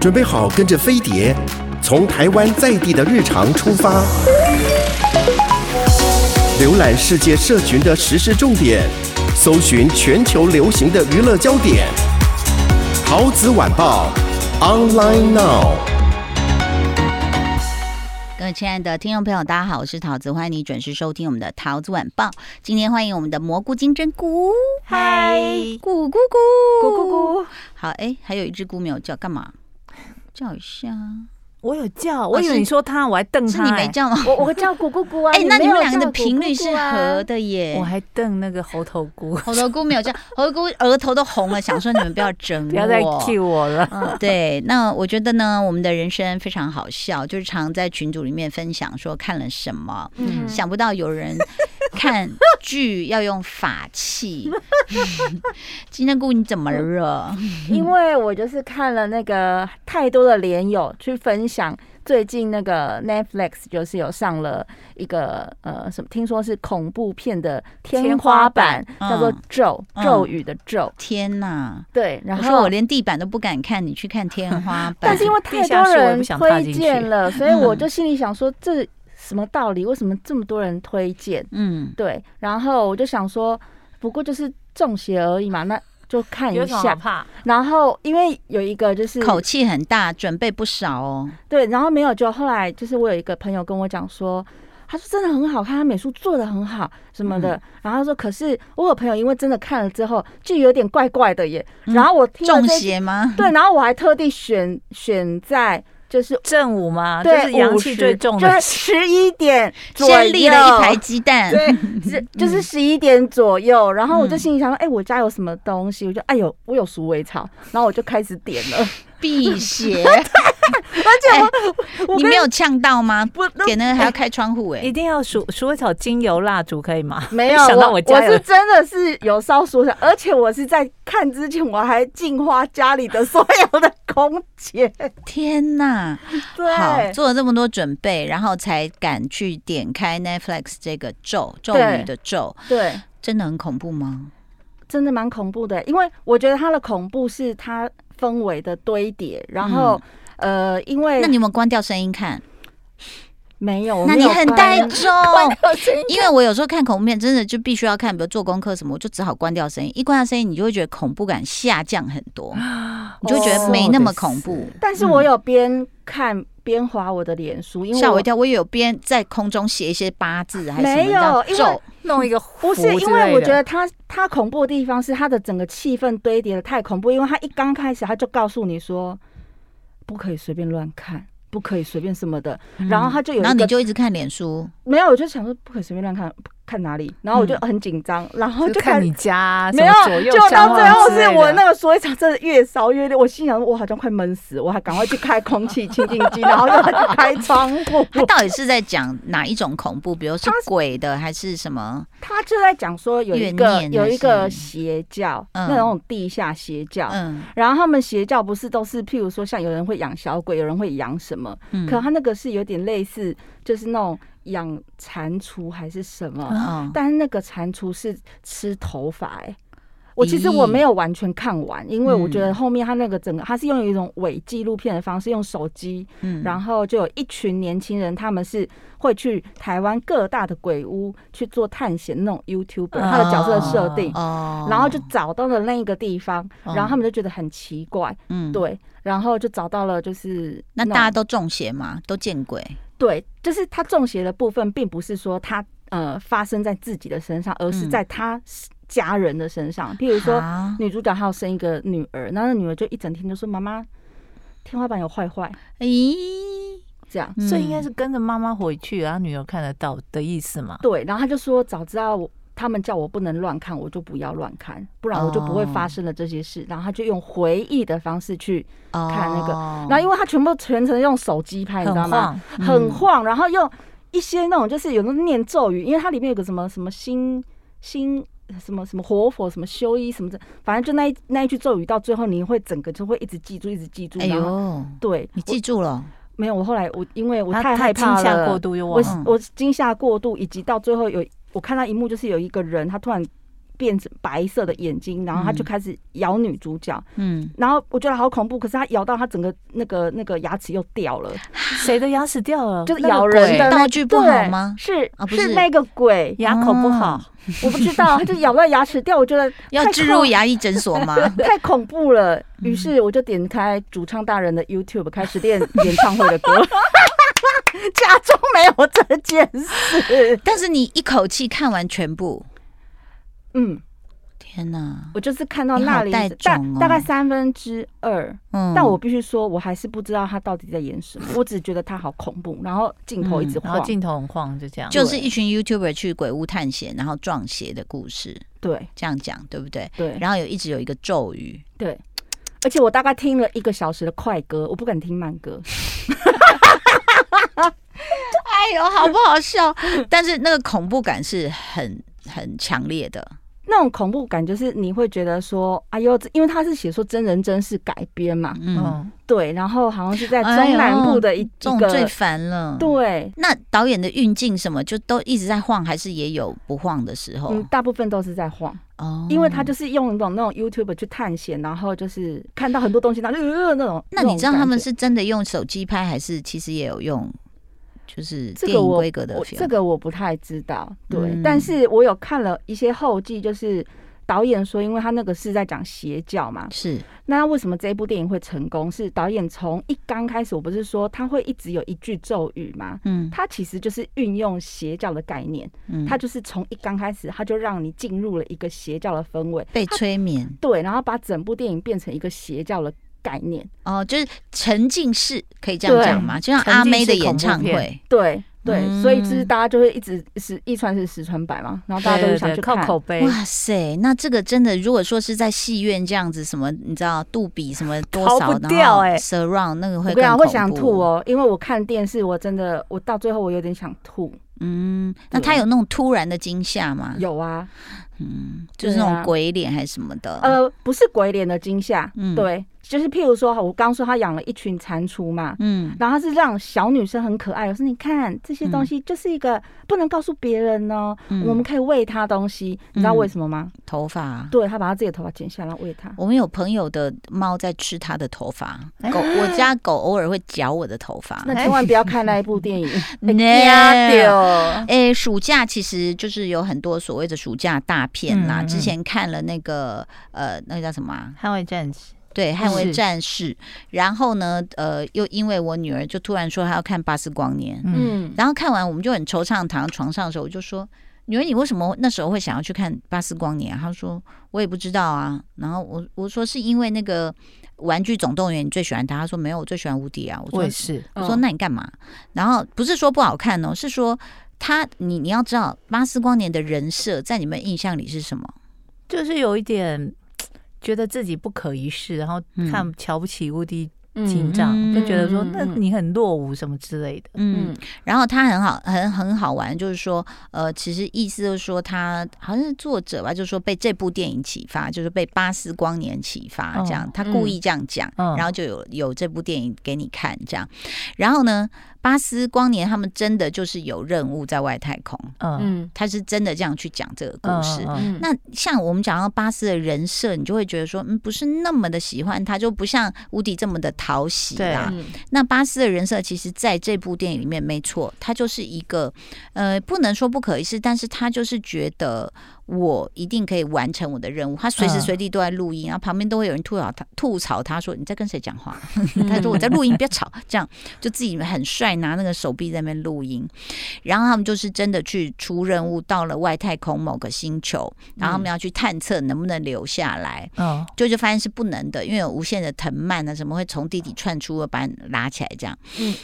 準備好，跟着飛碟，從台灣在地的日常出發，瀏覽世界社群的時事重點，搜尋全球流行的娛樂焦點。陶子晚報，online now。各位親愛的聽眾朋友，大家好，我是陶子，歡迎你準時收聽我們的陶子晚報。今天歡迎我們的蘑菇金針菇，嗨 Hi，咕咕咕咕咕咕。咕咕咕好，哎，還有一隻菇沒有，叫幹嘛？笑一下，我有叫，我以為你說他，我還瞪他。是你沒叫嗎？我我叫咕咕咕啊！哎，那你們兩個的頻率是合的耶。我還瞪那個猴頭菇，猴頭菇沒有叫，猴頭菇額頭都紅了，想說你們不要整我，不要再氣我了。對，那我覺得呢，我們的人生非常好笑，就是常在群組裡面分享說看了什麼，想不到有人。 看劇要用法器， 金針菇你怎麼惹、嗯？因為我就是看了那個太多的臉友，去分享最近那個 Netflix 就是有上了一個呃什麼，聽說是恐怖片的天花板，花板叫做咒、嗯、咒語的咒。嗯、天吶，對，然後我，我連地板都不敢看，你去看天花板，但是因為太多人推薦了，嗯、所以我就心裡想說這。什麼道理？為什麼這麼多人推薦？嗯，對。然後我就想說，不過就是中邪而已嘛，那就看一下。然後因為有一個就是口氣很大，準備不少哦。對，然後沒有就後來就是我有一個朋友跟我講說，他說真的很好看，他美術做得很好什麼的。嗯，然後他說可是我有朋友因為真的看了之後就有點怪怪的耶。然後我聽中邪嗎？對，然後我還特地選選在。就是正午嗎？就是陽氣最重，50, 就是十一點先立了一排雞蛋，對、嗯，就是十一點左右。然後我就心裡想說：“哎、嗯、欸，我家有什麼東西？”我就：“哎有，我有鼠尾草。”然後我就開始點了，闢邪。 而且你沒有嗆到嗎？不，點那個還要開窗戶哎，一定要鼠鼠尾草精油蠟燭可以嗎？沒有，想到我我是真的是有燒鼠尾草，而且我是在看之前我還淨化家裡的所有的空間。天哪，對，做了這麼多準備，然後才敢去點開 Netflix 這個咒咒語的咒。對，真的很恐怖嗎？真的蠻恐怖的，因為我覺得它的恐怖是它氛圍的堆疊，然後。呃，因為那你有沒有關掉聲音看，沒有？沒有，那你很帶重，因為我有時候看恐怖片，真的就必須要看，比如做功課什麼，我就只好關掉聲音。一關掉聲音，你就會覺得恐怖感下降很多，哦、你就會覺得沒那麼恐怖。但是我有邊看邊劃、嗯、我的臉書，嚇我,我一跳！我也有邊在空中寫一些八字還是什麼沒有就弄一個不是因為我覺得他他恐怖的地方是他的整個氣氛堆疊的太恐怖，因為他一剛開始他就告訴你說。不可以隨便亂看，不可以隨便什麼的。然後他就有一個，然後你就一直看臉書。沒有，我就想說，不可以隨便亂看。看哪裡，然後我就很緊張，然後就看你家沒有，就到最後是我那個說一場真的越燒越烈，我心想我好像快悶死，我還趕快去開空氣清淨機，然後又開窗戶。他到底是在講哪一種恐怖？比如是鬼的還是什麼？他就在講說有一個有一個邪教，那種地下邪教。嗯，然後他們邪教不是都是，譬如說像有人會養小鬼，有人會養什麼？可他那個是有點類似，就是那種。養蟾蜍還是什麼？嗯哦、但是那個蟾蜍，是吃頭髮哎、欸！我其實我沒有完全看完，嗯、因為我覺得後面他那個整個，他是用有一種偽紀錄片的方式，用手機，嗯、然後就有一群年輕人，他們是會去台灣各大的鬼屋去做探險那種 YouTuber，、哦、他的角色的設定，哦、然後就找到了那個地方，哦、然後他們就覺得很奇怪，嗯、對，然後就找到了，就是、嗯、那大家都中邪嘛，都見鬼。對，就是他中邪的部分，並不是說他呃發生在自己的身上，而是在他家人的身上。嗯、譬如說，哈女主角還要生一個女兒，那那女兒就一整天都說媽媽，天花板有壞壞，咦、欸？這樣，嗯、所以應該是跟着媽媽回去、啊，讓女兒看得到的意思嘛？對，然後他就說早知道我。他們叫我不能亂看，我就不要亂看，不然我就不會發生了這些事。Oh. 然後他就用回憶的方式去看那個，那、oh. 因為他全部全程用手機拍，你知道嗎？很晃，嗯、很晃，然後用一些那種就是有那種念咒語，因為它裡面有個什麼什麼心心什麼什麼活佛什麼修一什麼的，反正就那一那一句咒語，到最後你會整個就會一直記住，一直記住。哎呦，對，你記住了沒有？我後來我因為我太害怕了，驚嚇過度我我驚嚇過度，以及到最後有。我看到一幕，就是有一個人，他突然，變成白色的眼睛，然後他就開始咬女主角。嗯，然後我覺得好恐怖，可是他咬到他整個那個那個牙齒又掉了。誰的牙齒掉了？就那個咬人的道具不好嗎？是、啊、是，是那個鬼牙口不好，哦、我不知道，他就咬到牙齒掉。 我覺得要置入牙醫診所嗎？ 太恐怖了。於是我就點開主唱大人的 YouTube，開始練演唱會的歌， 假裝沒有這件事。但是你一口氣看完全部。嗯，天哪！我就是看到那裡，哦但，大大概三分之二。嗯，但我必須說，我還是不知道他到底在演什麼。我只覺得他好恐怖，然後鏡頭一直晃，嗯，鏡頭很晃，就這樣，就是一群 YouTuber 去鬼屋探險，然後撞邪的故事。對，這樣講對不對？對。然後有一直有一個咒語。對。而且我大概聽了一個小時的快歌，我不敢聽慢歌。哈哈哈哈哈哈！哎呦，好不好笑？但是那個恐怖感是很很強烈的那種恐怖感，就是你會覺得說：“哎呦，因為他是寫說真人真事改編嘛，嗯，嗯，對。”然後好像是在中南部的一個、哎、這種最煩了。對，那導演的運鏡什麼就都一直在晃，還是也有不晃的時候？嗯，大部分都是在晃哦，因為他就是用一種那種 YouTube 去探險，然後就是看到很多東西，那、呃呃呃呃、那種……那你知道他們是真的用手機拍，還是其實也有用？就是這個我，規格的，這個我不太知道。對，嗯，但是我有看了一些後記，就是導演說，因為他那個是在講邪教嘛，是那為什麼這一部電影會成功？是導演從一剛開始，我不是說他會一直有一句咒語嘛，嗯，他其實就是運用邪教的概念，嗯，他就是從一剛開始，他就讓你進入了一個邪教的氛圍，被催眠，對，然後把整部電影變成一個邪教的。概念哦，就是沉浸式，可以這樣講嗎？就像阿妹的演唱會，對對，所以就是大家就會一直是一傳十，十傳百嘛，然後大家都想去看，靠口碑。哇塞，那這個真的，如果說是在戲院這樣子，什麼你知道杜比什麼多少然後 surround 那個會更恐怖，會想吐哦。因為我看電視，我真的我到最後我有點想吐。嗯，那他有那種突然的驚嚇嗎？有啊，嗯，就是那種鬼臉還是什麼的？呃，不是鬼臉的驚嚇，對。就是譬如說哈，我剛說他養了一群蟾蜍嘛，嗯，然後他是讓小女生很可愛。我說，你看這些東西，就是一個不能告訴別人哦。我們可以餵他東西，你知道為什麼嗎？頭髮。對，他把他自己的頭髮剪下來餵他。我們有朋友的貓在吃他的頭髮，狗，我家狗偶爾會嚼我的頭髮。那千萬不要看那一部電影。No。哎，暑假其實就是有很多所謂的暑假大片啦。之前看了那個呃，那個叫什麼《捍衛戰士》。對，捍衛戰士。是然後呢，呃，又因為我女兒就突然說她要看《巴斯光年》。嗯，然後看完我們就很惆悵，躺在床上的時候我就說：“女兒，你為什麼那時候會想要去看《巴斯光年》啊？”她說：“我也不知道啊。”然後我我說：“是因為那個玩具總動員你最喜歡他？”她說：“沒有，我最喜歡無敵啊。”我說：“我也是。”哦，我說：“那你幹嘛？”然後不是說不好看哦，是說他，你你要知道《巴斯光年》的人設在你們印象裡是什麼？就是有一點。覺得自己不可一世，然後看瞧不起胡迪警長，嗯、就覺得說，嗯、那你很落伍什麼之類的。嗯，嗯然後他很好，很很好玩，就是說，呃，其實意思就是說他，他好像是作者吧，就是說被這部電影啟發，就是被《巴斯光年》啟發，哦，這樣他故意這樣講，嗯，然後就有有這部電影給你看，這樣，然後呢？巴斯光年他們真的就是有任務在外太空，嗯，他是真的這樣去講這個故事。嗯、那像我們講到巴斯的人設，你就會覺得說，嗯，不是那麼的喜歡他，就不像胡迪這麼的討喜啦。嗯、那巴斯的人設其實，在這部電影裡面沒錯，他就是一個，呃，不能說不可一世，但是他就是覺得。我一定可以完成我的任務。他隨時隨地都在錄音，嗯、然後旁邊都會有人吐槽他，吐槽他說：“你在跟誰講話？” 他說：“我在錄音，不要吵。”這樣就自己很帥，拿那個手臂在那邊錄音。然後他們就是真的去出任務，到了外太空某個星球，然後他們要去探測能不能留下來。嗯、就就發現是不能的，因為有無限的藤蔓啊，什麼會從地底竄出來把你拉起來，這樣。嗯。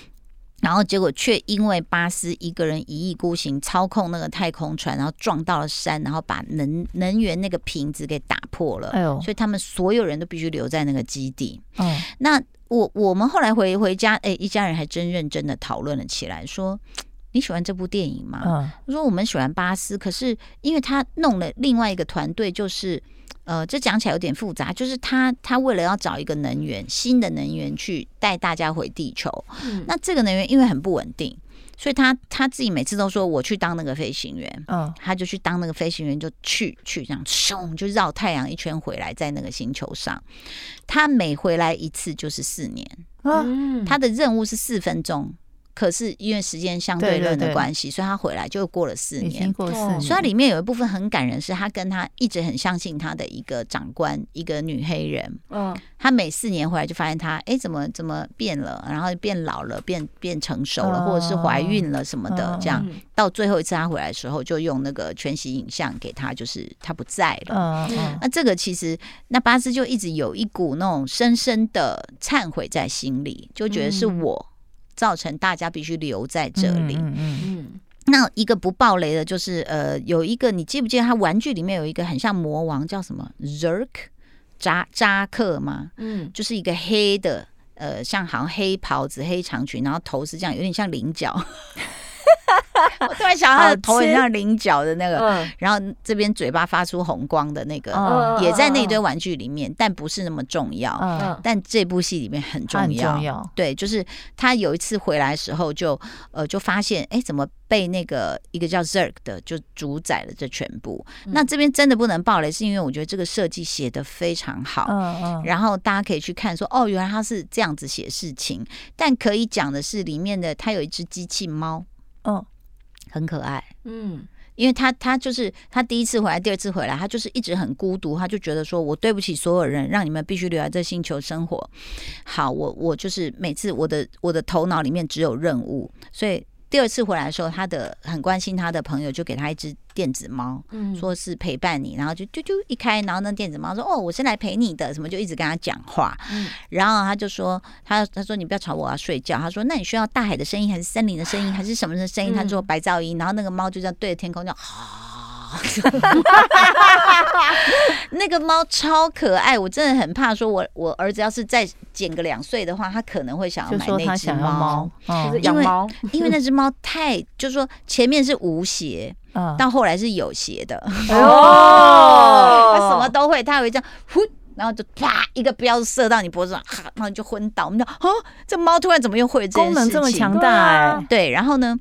然後結果卻因為巴斯一個人一意孤行操控那個太空船，然後撞到了山，然後把能能源那個瓶子給打破了。哎呦！所以他們所有人都必須留在那個基地。嗯，那我我們後來回回家，誒，哎，一家人還真認真的討論了起來，說。你喜歡這部電影嗎？嗯，我說我們喜歡巴斯，可是因為他弄了另外一個團隊，就是呃，這講起來有點複雜。就是他他為了要找一個能源，新的能源去帶大家回地球。嗯，那這個能源因為很不穩定，所以他他自己每次都說我去當那個飛行員。嗯，他就去當那個飛行員，就去去這樣，咻，就繞太陽一圈回來，在那個星球上。他每回來一次就是四年，嗯，他的任務是四分鐘。可是因為時間相對論的關係，對所以他回來就過了四年，已經過四年。哦、所以他裡面有一部分很感人，是他跟他一直很相信他的一個長官，一個女黑人。嗯，他每四年回來就發現他，哎，怎麼怎麼變了，然後變老了，變變成熟了，或者是懷孕了什麼的，這樣。到最後一次他回來的時候，就用那個全息影像給他，就是他不在了。那這個其實，那巴斯就一直有一股那種深深的懺悔在心裡，就覺得是我。造成大家必須留在這裡。嗯，嗯，嗯。那一個不爆雷的，就是呃，有一個你記不記得他玩具裡面有一個很像魔王，叫什麼 Zerk 扎扎克嗎？嗯，就是一個黑的，呃，像好像黑袍子、黑長裙，然後頭是這樣，有點像菱角。 我突然想到他的頭很像菱角的那個，然後這邊嘴巴發出紅光的那個，也在那一堆玩具裡面，但不是那麼重要，但這部戲裡面很重要，對，就是他有一次回來的時候，就呃就發現，哎，怎麼被那個一個叫 Zerk 的就主宰了這全部？那這邊真的不能爆雷，是因為我覺得這個設計寫得非常好。然後大家可以去看說，哦，原來他是這樣子寫事情。但可以講的是，裡面的他有一只機器貓。哦，很可愛。嗯，因為他他就是他第一次回來，第二次回來，他就是一直很孤獨，他就覺得說我對不起所有人，讓你們必須留在這星球生活。好，我我就是每次我的我的頭腦裡面只有任務，所以。第二次回來的時候，他的很關心他的朋友就給他一隻電子貓，說是陪伴你，然後就就就一開，然後那電子貓說：“哦，我是來陪你的。”什麼就一直跟他講話。然後他就說：“他他說你不要吵我，我要睡覺。”他說：“那你需要大海的聲音，還是森林的聲音，還是什麼的聲音？”他說：“白噪音。”然後那個貓就這樣對着天空叫。哈哈哈哈哈！ 那個貓超可愛，我真的很怕。說我我兒子要是再減個兩歲的話，他可能會想要買那只貓，養貓。因為那只貓太，就是說前面是無邪，到、嗯、後來是有邪的。哦呦， 他什麼都會，他會這樣呼，然後就啪一個鏢射到你脖子上，哈、啊，然後就昏倒。我們講啊，這貓突然怎麼又會這功能這麼強大、欸？對，然後呢？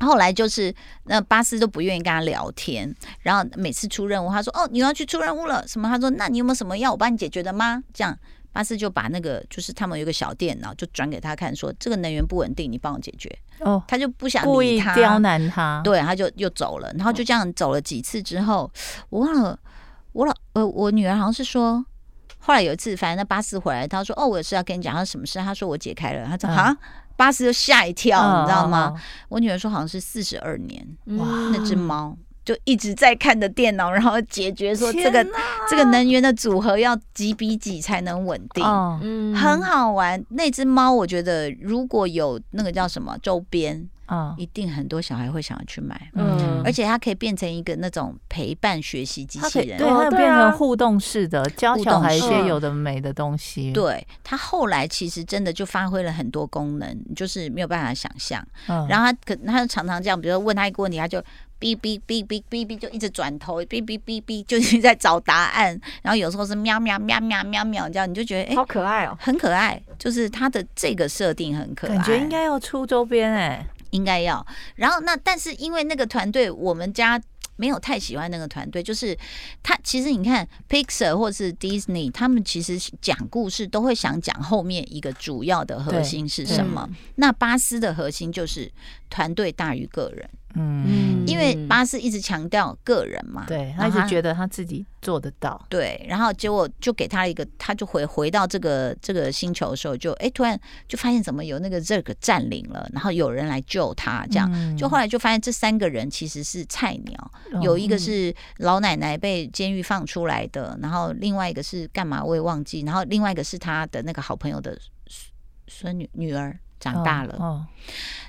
後來就是那巴斯都不願意跟他聊天，然後每次出任務，他說：“哦，你要去出任務了什麼？”他說：“那你有沒有什麼要我幫你解決的嗎？”這樣巴斯就把那個就是他們有個小電腦，然後就轉給他看，說：“這個能源不穩定，你幫我解決。”哦，他就不想故意刁難他，對，他就又走了。然後就這樣走了幾次之後，哦、我忘了，我老呃，我女兒好像是說，後來有一次，反正那巴斯回來，他說：“哦，我有事要跟你講。”他說：“什麼事？”他說：“我解開了。”他說：“哈。嗯。”巴斯就嚇一跳，uh, 你知道嗎？我女兒說好像是四十二年，哇 Wow.，那只貓。就一直在看着電腦，然後解決說這個、啊、這個能源的組合要幾比幾才能穩定，嗯，很好玩。那隻貓，我覺得如果有那個叫什麼周邊，啊、嗯，一定很多小孩會想要去買，嗯，而且它可以變成一個那種陪伴學習機器人，對，它、啊、變成互動式的，教小孩一些有的沒的東西、嗯。對，它後來其實真的就發揮了很多功能，就是沒有辦法想象。嗯、然後它可他就常常這樣，比如說問他一個問題，他就。嗶嗶嗶嗶嗶嗶，就一直轉頭，嗶嗶嗶嗶，就是在找答案。然後有時候是喵喵喵喵喵喵，這樣你就覺得哎，欸、好可愛哦、喔，很可愛。就是它的這個設定很可愛，感覺應該要出周邊哎、欸，應該要。然後那但是因為那個團隊，我們家沒有太喜歡那個團隊。就是他。其實你看，Pixar、er、或是 Disney，他們其實講故事都會想講後面一個主要的核心是什麼。那巴斯的核心就是團隊大於個人。嗯，因為巴斯一直強調個人嘛，對他,他一直覺得他自己做得到。對，然後結果就給他一個，他就回回到這個這個星球的時候就，就哎，突然就發現怎麼有那個這個占領了，然後有人來救他，這樣、嗯、就後來就發現這三個人其實是菜鳥，有一個是老奶奶被監獄放出來的，然後另外一個是幹嘛我也忘記，然後另外一個是他的那個好朋友的孫女女兒長大了，哦哦、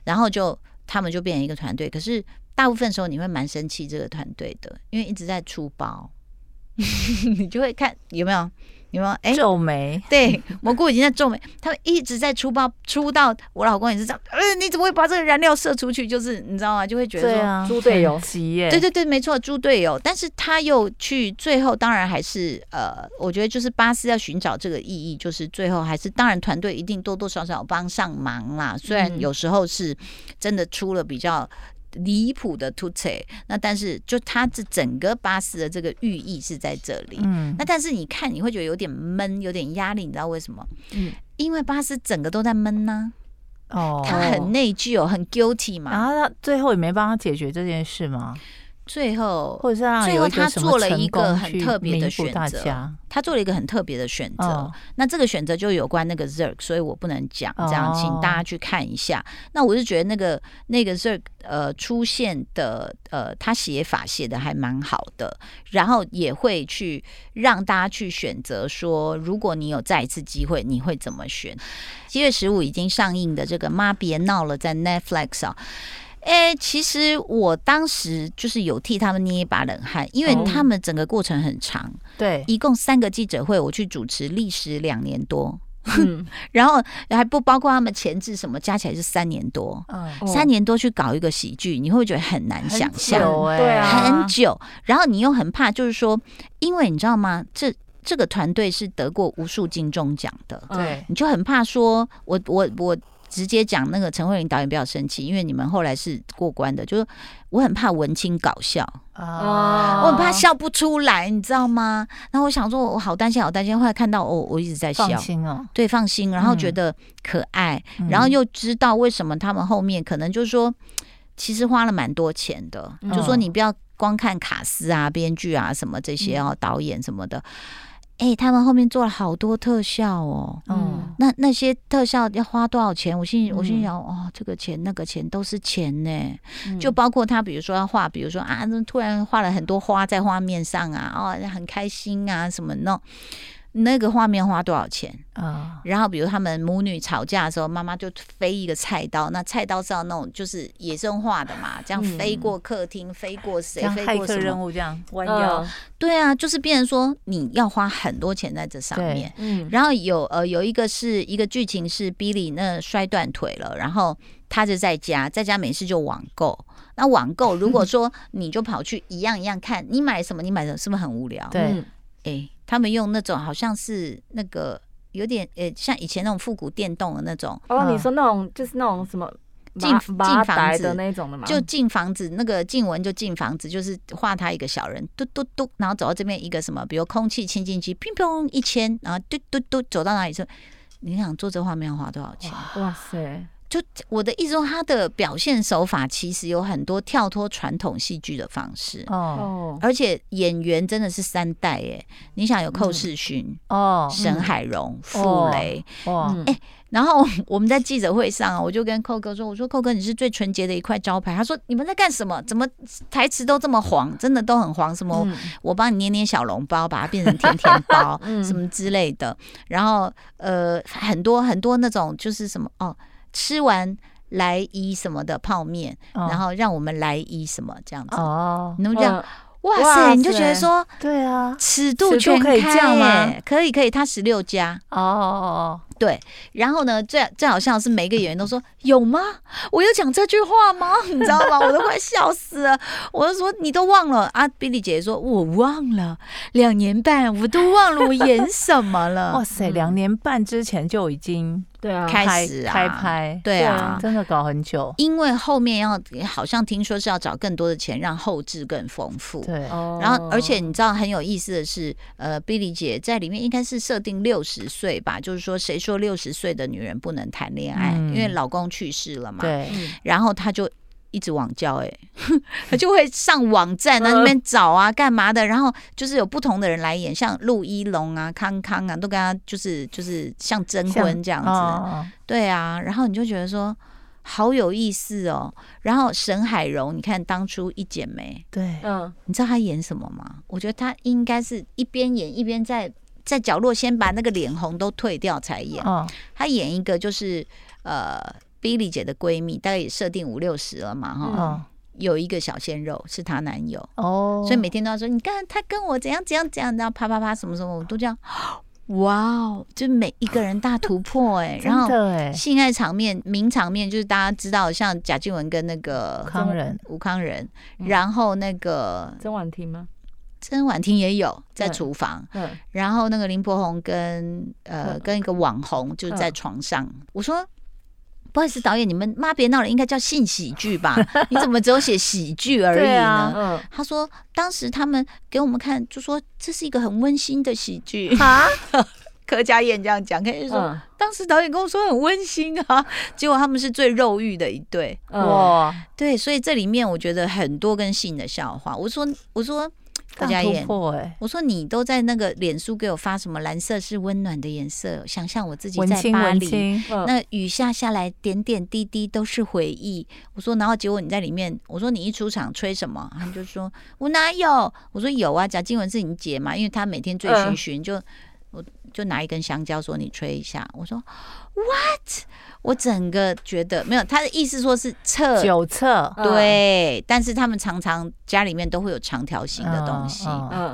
然後就。他們就變成一個團隊，可是大部分時候你會蠻生氣這個團隊的，因為一直在出包， 你就會看，有沒有。你說，哎，欸，皺眉。對，蘑菇已經在皺眉， 他們一直在出包，出到我老公也是這樣，呃，你怎麼會把這個燃料射出去？就是你知道嗎？就會覺得說，豬隊友急耶，對對對，沒錯，豬隊友。但是他又去最後，當然還是呃，我覺得就是巴斯要尋找這個意義，就是最後還是當然團隊一定多多少少幫上忙啦，雖然有時候是真的出了比較。嗯離譜的突刺，那但是就他這整個巴斯的這個寓意是在這裡，嗯，那但是你看你會覺得有點悶，有點壓力，你知道為什麼？嗯，因為巴斯整個都在悶呢、啊，哦，他很內疚、哦，很 guilty 嘛，然後他最後也沒幫他解決這件事嗎？最後，最後他，他做了一個很特別的選擇。他做了一個很特別的選擇。那這個選擇就有關那個 Zurg，所以我不能講。這樣，請大家去看一下。哦、那我是覺得那個那個 Zurg 呃出現的呃，他寫法寫的還蠻好的，然後也會去讓大家去選擇說，如果你有再一次機會，你會怎麼選？七月十五已經上映的這個《媽別鬧了》在 Netflix 啊、哦。哎、欸，其實我當時就是有替他們捏一把冷汗，因為他們整個過程很長，對，哦、一共三個記者會，我去主持，歷時兩年多，嗯、 然後還不包括他們前置什麼，加起來是三年多，哦、三年多去搞一個喜劇，你會，會覺得很難想象，欸、對啊，很久。然後你又很怕，就是說，因為你知道嗎？這這個團隊是得過無數金鐘獎的，對，哦、你就很怕說，我我我。我直接講那個陳慧琳導演比較生氣，因為你們後來是過關的，就是我很怕文青搞笑啊，哦、我很怕笑不出來，你知道嗎？然後我想說，我好擔心，好擔心。後來看到我、哦，我一直在笑，哦、對，放心，然後覺得可愛，嗯、然後又知道為什麼他們後面可能就是說，其實花了蠻多錢的，就說你不要光看卡司啊、編劇啊什麼這些哦、啊，導演什麼的。誒、欸，他們後面做了好多特效哦，嗯，那那些特效要花多少錢？我心、嗯、我心想，哦，這個錢那個錢都是錢呢，就包括他比，比如說要畫，比如說啊，突然畫了很多花在畫面上啊，哦，很開心啊，什麼那種。那個畫面花多少錢啊？哦、然後，比如他們母女吵架的時候，媽媽就飛一個菜刀，那菜刀是要那種就是野生化的嘛，這樣飛過客廳，嗯、飛過誰，像駭客任務這樣彎腰。哦、對啊，就是變成說你要花很多錢在這上面。嗯、然後有呃有一個是一個劇情是 Billy 那摔斷腿了，然後他就在家，在家沒事就網購。那網購如果說你就跑去一樣一樣看，嗯、你買什麼？你買什麼，是不是很無聊？對。嗯。哎、欸，他們用那種好像是那個有點呃、欸，像以前那種復古電動的那種。哦，啊、你說那種就是那種什麼進進房子的那種的嘛？就進房子，那個靜文就進房子，就是畫他一個小人，嘟嘟嘟，然後走到這邊一個什麼，比如空氣清淨機，砰砰一千，然後嘟嘟嘟，嘟走到哪裡去？你想做這畫面要花多少錢？哇塞！就我的意思說，他的表現手法其實有很多跳脫傳統戲劇的方式哦，而且演員真的是三代耶。你想有寇世勳、嗯嗯嗯、哦，沈海蓉、傅雷哦，哎、欸，然後我們在記者會上，我就跟寇哥說：“我說寇哥，你是最純潔的一塊招牌。”他說：“你們在幹什麼？怎麼台詞都這麼黃？真的都很黃，什麼我幫你捏捏小籠包，把它變成甜甜包，什麼之類的。然後呃，很多很多那種就是什麼哦。”吃完來一什麼的泡麵，哦、然後讓我們來一什麼這樣子，哦，你這講、哦、哇塞，哇塞你就覺得說，對啊，尺度全開耶，可以這樣可以可以，他十六加哦。哦哦對，然後呢，最最好笑的是每一個演員都說 有嗎？我有講這句話嗎？你知道嗎？我都快笑死了。我就說，你都忘了啊？Billy 姐，姐說，我忘了兩年半，我都忘了 我演什麼了。哇塞，兩年半之前就已經、嗯、對、啊、開始、啊、開、開拍，對啊，對啊，真的搞很久。因為後面要好像聽說是要找更多的錢，讓後製更豐富。對，哦、然後而且你知道很有意思的是，呃，Billy 姐在裡面應該是設定六十歲吧，就是說誰。說六十歲的女人不能談戀愛，嗯、因為老公去世了嘛。對，然後她就一直網交、欸，哎，她就會上網站，那裡面找啊，幹嘛的？嗯、然後就是有不同的人來演，像陸一龍啊、康康啊，都跟她就是就是像徵婚這樣子。哦、對啊，然後你就覺得說好有意思哦。然後沈海蓉，你看當初一《一剪梅》，對，嗯，你知道她演什麼嗎？我覺得她應該是一邊演一邊在。在角落先把那個臉紅都退掉才演。她、哦、演一個就是呃 Billy 姐的閨蜜，大概也設定五六十了嘛哈。嗯、有一個小鮮肉是她男友哦，所以每天都要說你看她跟我怎樣怎樣怎樣怎樣，啪啪啪啪什麼什麼，我都這樣。哇，就每一個人大突破哎、欸哦，真的哎，性愛場面名場面就是大家知道，像賈靜雯跟那個慷仁吳慷仁，慷仁嗯、然後那個曾莞婷嗎？真婉婷也有在廚房，嗯嗯、然後那個林柏宏跟呃、嗯、跟一個網紅就在床上。嗯嗯、我說，不好意思，導演，你們媽別鬧了，應該叫性喜劇吧？ 你怎麼只有寫喜劇而已呢？啊嗯、他說，當時他們給我們看，就說這是一個很溫馨的喜劇啊。 柯佳嬿這樣講，可以說，嗯、當時導演跟我說很溫馨啊，結果他們是最肉慾的一對。哇、嗯，對，所以這裡面我覺得很多跟性的笑話。我說，我說。大家，欸，我說你都在那個臉書給我發什麼？藍色是溫暖的顏色，想象我自己在巴黎，文清文清那雨下下來，點點滴滴都是回憶。嗯、我說，然後結果你在裡面，我說你一出場吹什麼？他就說 我哪有？我說有啊，賈靜雯是你姐嘛，因為她每天醉醺醺，嗯、就我就拿一根香蕉說你吹一下。我說 What？我整個覺得沒有，他的意思說是測九測，對，但是他們常常家裡面都會有長條形的東西，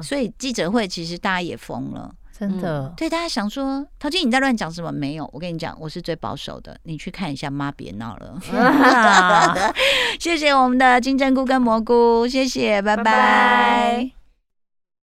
所以記者會其實大家也瘋了，真的，對，大家想說陶姐，你在亂講什麼？沒有，我跟你講，我是最保守的，你去看一下，媽別鬧了。啊、 謝謝我們的金針菇跟蘑菇，謝謝，拜拜。